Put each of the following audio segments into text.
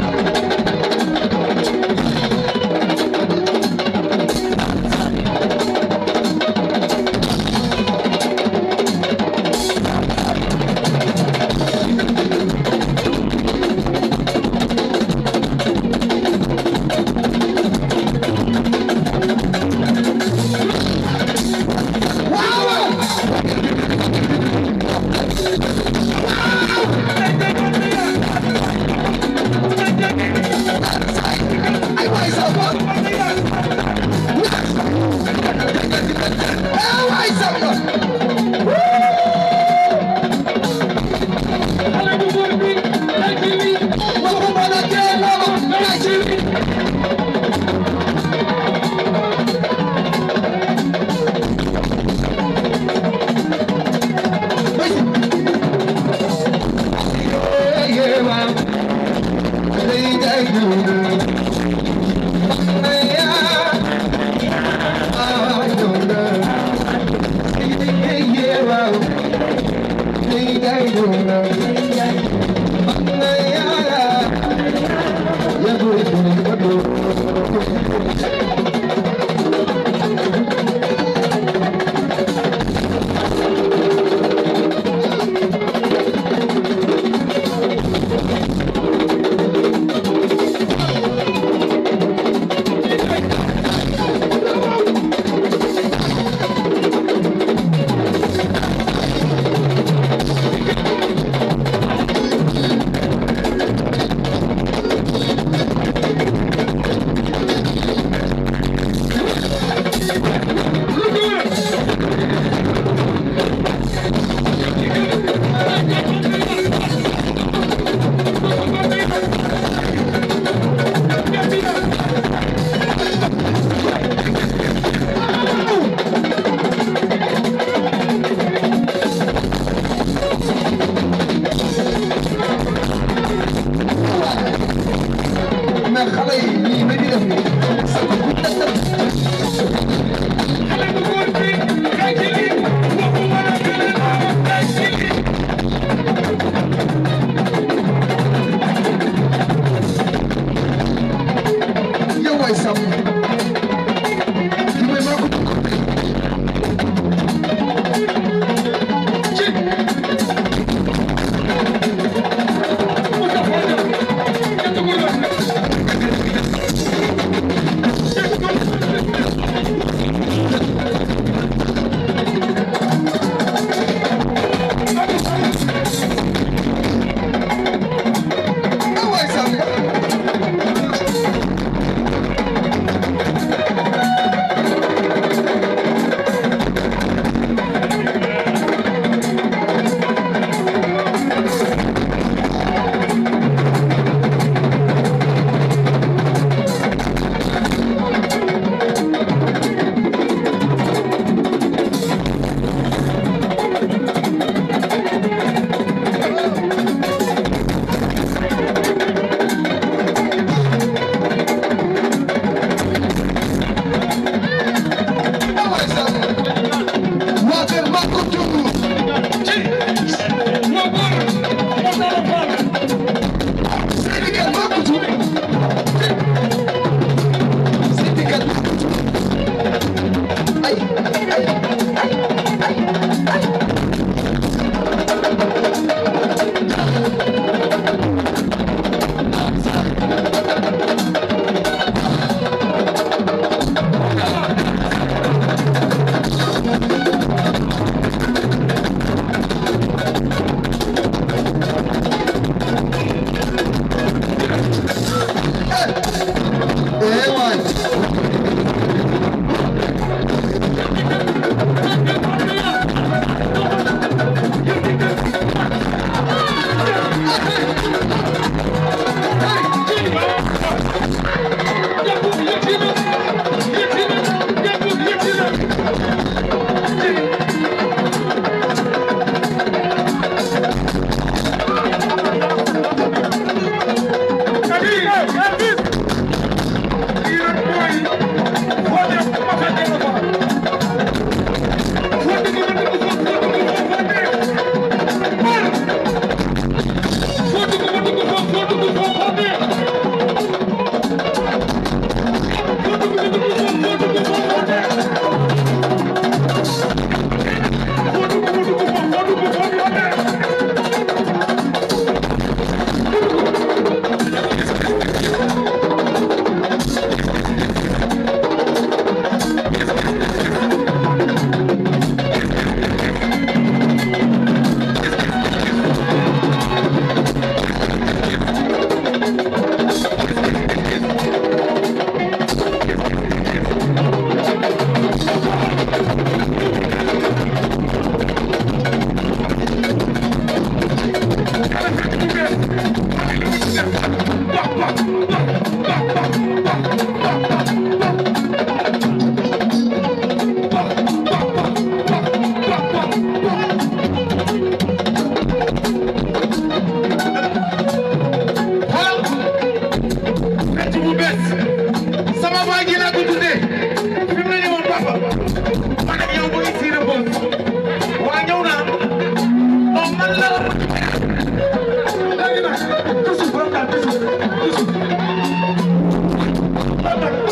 Thank you.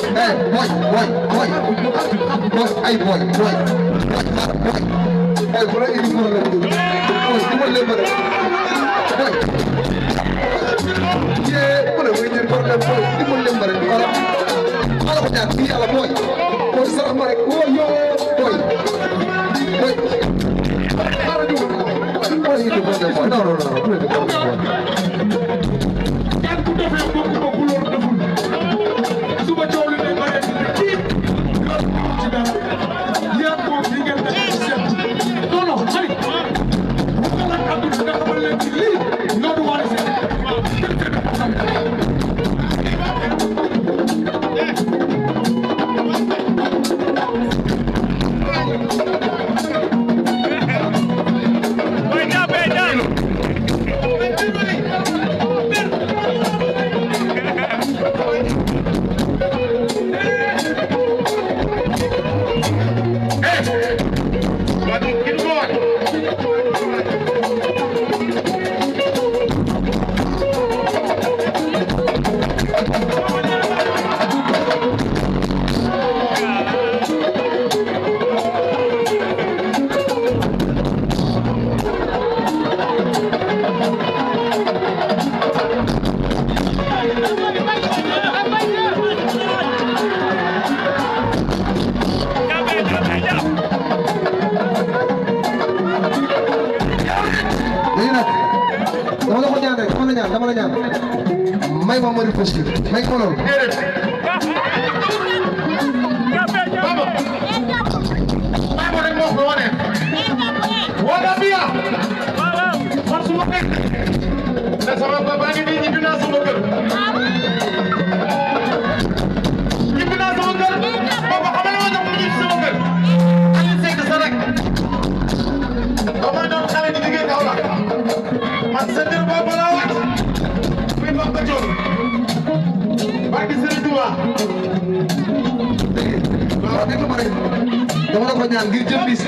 eh boy boy boy boy ay boy boy boy boy bu la indi mën la dugg boy du ma leen mën a boy yee mu ne muy jël problème boy du ma leen mën a dugg xala xala ko ñaan yàlla boy boy sarax ma rek woo yo boy boy xara dugg boy du ma leen mën a non non non du ma leen mën a dama la ñaan dama la ñaan may ma mari positif may ko loolu wala biya war suma fekk na sama papa ngi nii ñibbi naa sama kër ñibbi naa sama kër booba xamal ma tax mu ñibbi sama kër Aliou Seck sa rek ba may doon xale di liggéey kaw la man looloo déglu ma rek dama la ko ñaan ngir jëm bis.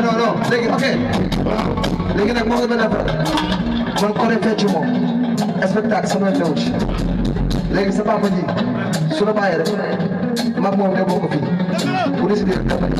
non non non léegi ok léegi nag moo ngi mel ne man ko ci moom spectacle sama néew ci léegi sa papa ji la bàyyee rek moom de boo ko fii bu dee si biir kàlla ñu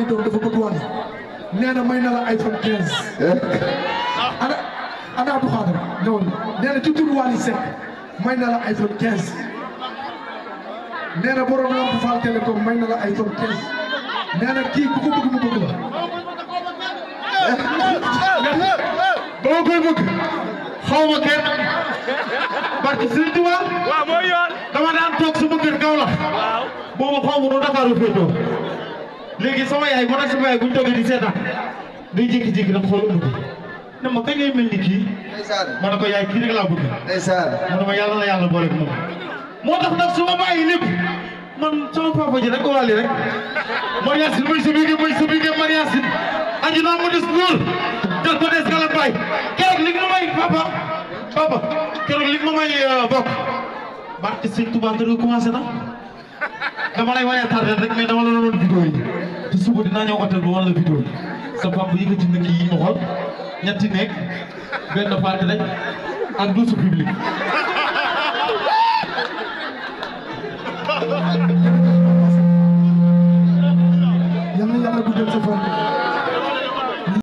ni doom dafa bëgg wane nee na may na la iPhone 15. Eh? ana ana Abdou Khader ñëwoon nee na ci tur Wally Seck may na la iPhone 15. nee na borom Lamp Fall Télécom may na la iPhone 15 nee na kii ku ko bëgg mu bëgg la. ba eh? ma koy bëgg xaw ma kenn barki Sëriñ Tuubaa waaw mooy yoon dama daan toog sama kër Kaolack boobu xaw ma nu Dakar yu féetoo léegi sama yaay man ak sama bu ñu di seetaan day jékki-jékki na xool ëmb bi ne ma kañ ngay mel ni kii. ma ne ko yaay kii rek laa ma ne ma yàlla na yàlla boole ak moom. moo tax nag su ma bàyyi lépp man sama papa ji rek wàlli rek Mariasin muy su biir muy su biir Mariasin aju naa mu des góor jël ko des kala bay keroog li nga may papa papa keroog li nga may euh, bokk barke Sëñ Tuubaa commencé na dama lay waaye tardé rek mais dama la doon vidéo yi suba dinaa ñëw hôtel ba wan la vidéo sa papa yëkkati na kii yi ma xool ñetti nekk benn parti rek ak douze public. yal na yàlla guddal sa fan.